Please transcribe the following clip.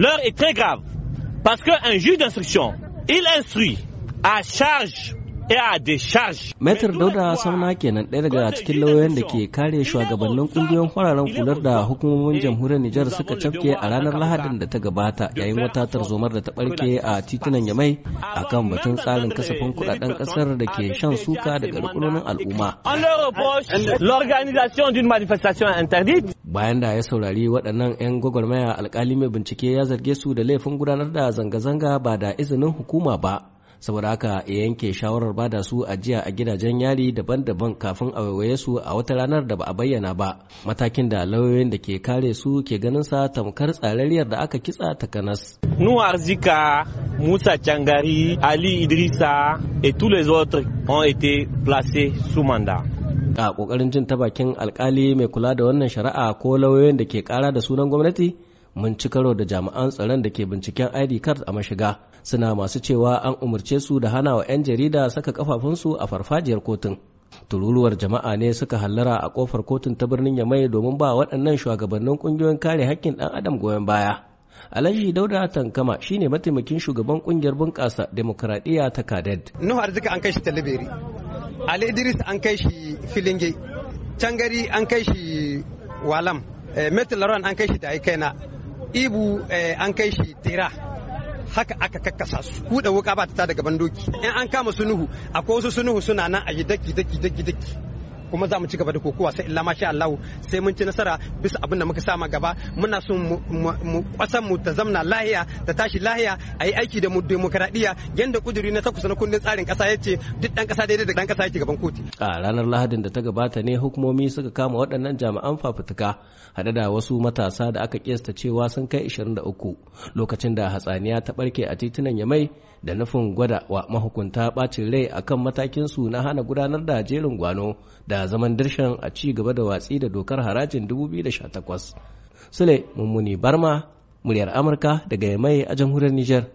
l'heure est très grave. Parce qu'un juge d'instruction, il instruit à charge Metar Dauda Sauna kenan ɗaya daga cikin lauyoyin da ke kare shugabannin kungiyoyin fararen kular da hukumomin eh, jamhuriyar Nijar suka cafke a ranar Lahadin da ta gabata yayin wata tarzomar da ta barke a titunan Yamai akan batun tsarin kasafin kudaden kasar da ke shan suka daga rukunonin al'umma. Bayan da ya saurari waɗannan 'yan gwagwarmaya alkali mai bincike ya zarge su da laifin gudanar da zanga-zanga ba da izinin hukuma ba. saboda haka ya yanke shawarar bada su ajiya a gidajen yari daban-daban kafin a waiwaye su a wata ranar da ba a bayyana ba matakin da lauyoyin da ke kare su ke ganin sa tamkar tsarariyar da aka kitsa takanas nuwar Arzika musa cangari ali idrisa et tous les autres ont été placés sous mandat a kokarin jin ta bakin alkali mai kula da wannan shari'a ko lauyoyin da ke kara da sunan gwamnati mun ci karo da jami'an tsaron da ke binciken ID card a mashiga suna masu cewa an umarce su da hana wa 'yan jarida saka kafafunsu a farfajiyar kotun. Tururuwar jama'a ne suka hallara a kofar kotun ta birnin Yamai domin ba waɗannan shugabannin ƙungiyoyin kare haƙƙin ɗan adam goyon baya. Alhaji Dauda Tankama shine mataimakin shugaban kungiyar bunƙasa demokradiyya ta Kaded. Nuhu Arzika an kai shi Talibiri. Ali Idris an kai shi Filinge. Cangari an kai shi Walam. Eh, Metal Laron an kai shi da Aikaina. ibu eh, an kai shi tera haka aka kakkasa su kuɗa wuka ba ta daga bandoki in an kama sunuhu akwai wasu sunuhu suna nan a yi daki daki daki daki kuma za mu ci gaba da kokowa sai illa masha Allah sai mun ci nasara bisa abin da muka sama gaba muna so mu kwasan mu ta zamna lahiya ta tashi lahiya a yi aiki da mu demokradiya yanda kuduri na takusa na kundin tsarin kasa ya ce duk dan kasa daidai da dan kasa yake gaban kotu a ranar lahadin da ta gabata ne hukumomi suka kama waɗannan jami'an fafutuka haɗe da wasu matasa da aka kiyasta cewa sun kai 23 lokacin da hatsaniya ta barke a titunan Yamai da nufin gwada wa mahukunta bacin rai akan matakin su na hana gudanar da jerin gwano da zaman dirshan a ci gaba da watsi da dokar harajin 2018 sule mummuni barma muryar amurka daga mai a jamhuriyar nijar.